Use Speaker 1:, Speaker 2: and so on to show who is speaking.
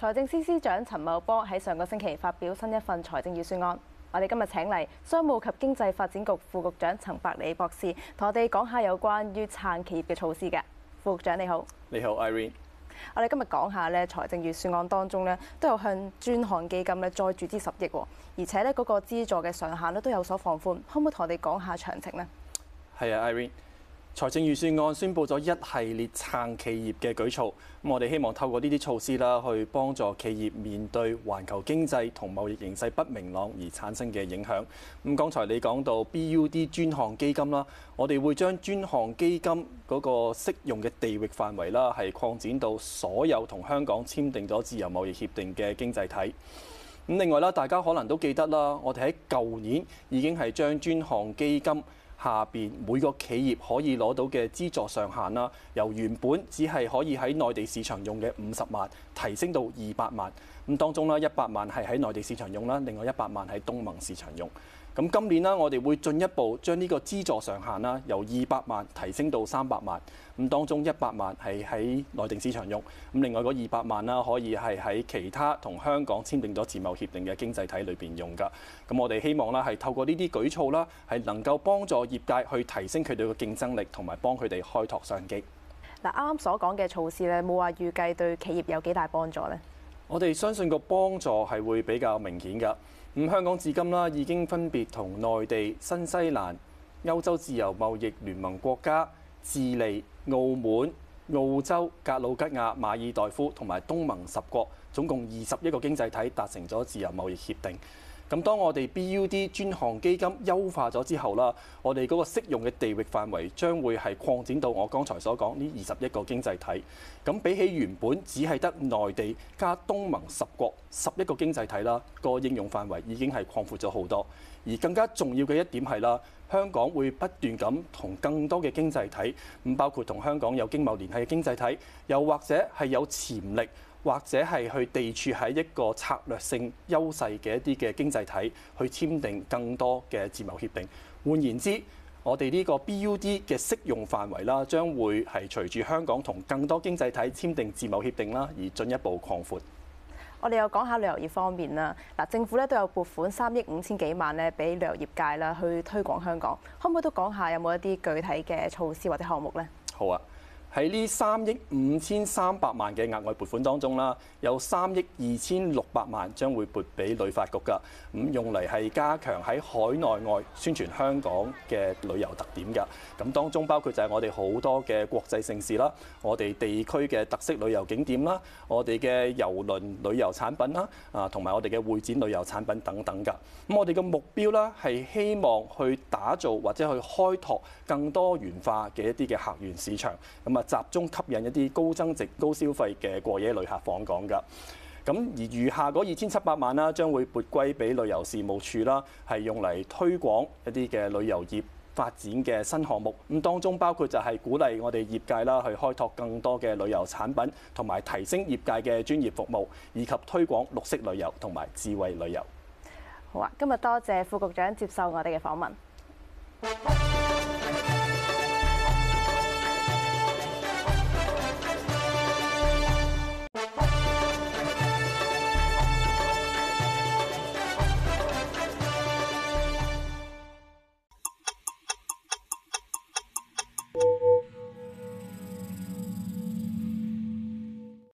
Speaker 1: 財政司司長陳茂波喺上個星期發表新一份財政預算案。我哋今日請嚟商務及經濟發展局副局長陳百里博士，同我哋講下有關於撐企業嘅措施嘅。副局長你好，
Speaker 2: 你好，Irene。
Speaker 1: 我哋今日講下咧財政預算案當中咧都有向專項基金咧再注資十億，而且咧嗰個資助嘅上限咧都有所放寬，可唔可以同我哋講下詳情呢？
Speaker 2: 係啊，Irene。財政預算案宣佈咗一系列撐企業嘅舉措，咁我哋希望透過呢啲措施啦，去幫助企業面對環球經濟同貿易形勢不明朗而產生嘅影響。咁剛才你講到 BUD 專項基金啦，我哋會將專項基金嗰個適用嘅地域範圍啦，係擴展到所有同香港簽訂咗自由貿易協定嘅經濟體。咁另外啦，大家可能都記得啦，我哋喺舊年已經係將專項基金下邊每個企業可以攞到嘅資助上限啦，由原本只係可以喺內地市場用嘅五十萬，提升到二百萬。咁當中啦，一百萬係喺內地市場用啦，另外一百萬喺東盟市場用。咁今年啦，我哋會進一步將呢個資助上限啦，由二百萬提升到三百萬。咁當中一百萬係喺內地市場用，咁另外嗰二百萬啦，可以係喺其他同香港簽訂咗自貿協定嘅經濟體裏邊用噶。咁我哋希望啦，係透過呢啲舉措啦，係能夠幫助業界去提升佢哋嘅競爭力，同埋幫佢哋開拓商機。
Speaker 1: 嗱，啱啱所講嘅措施咧，冇話預計對企業有幾大幫助呢？
Speaker 2: 我哋相信個幫助係會比較明顯㗎。咁香港至今啦，已經分別同內地、新西蘭、歐洲自由貿易聯盟國家、智利、澳門、澳洲、格魯吉亞、馬爾代夫同埋東盟十國，總共二十一個經濟體達成咗自由貿易協定。咁當我哋 BUD 專項基金優化咗之後啦，我哋嗰個適用嘅地域範圍將會係擴展到我剛才所講呢二十一個經濟體。咁比起原本只係得內地加東盟十國十一個經濟體啦，個應用範圍已經係擴闊咗好多。而更加重要嘅一點係啦，香港會不斷咁同更多嘅經濟體，唔包括同香港有經貿聯繫嘅經濟體，又或者係有潛力。或者係去地處喺一個策略性優勢嘅一啲嘅經濟體去簽訂更多嘅自貿協定。換言之，我哋呢個 BUD 嘅適用範圍啦，將會係隨住香港同更多經濟體簽訂自貿協定啦，而進一步擴闊。
Speaker 1: 我哋又講下旅遊業方面啦。嗱，政府咧都有撥款三億五千幾萬咧，俾旅遊業界啦去推廣香港。可唔可以都講下有冇一啲具體嘅措施或者項目呢？
Speaker 2: 好啊。喺呢三億五千三百萬嘅額外撥款當中啦，有三億二千六百萬將會撥俾旅發局㗎，咁用嚟係加強喺海內外宣傳香港嘅旅遊特點㗎。咁當中包括就係我哋好多嘅國際盛事啦，我哋地區嘅特色旅遊景點啦，我哋嘅郵輪旅遊產品啦，啊同埋我哋嘅會展旅遊產品等等㗎。咁我哋嘅目標啦係希望去打造或者去開拓更多元化嘅一啲嘅客源市場，咁集中吸引一啲高增值、高消費嘅過夜旅客訪港㗎。咁而餘下嗰二千七百萬啦，將會撥歸畀旅遊事務處啦，係用嚟推廣一啲嘅旅遊業發展嘅新項目。咁當中包括就係鼓勵我哋業界啦，去開拓更多嘅旅遊產品，同埋提升業界嘅專業服務，以及推廣綠色旅遊同埋智慧旅遊。
Speaker 1: 好啊，今日多謝副局長接受我哋嘅訪問。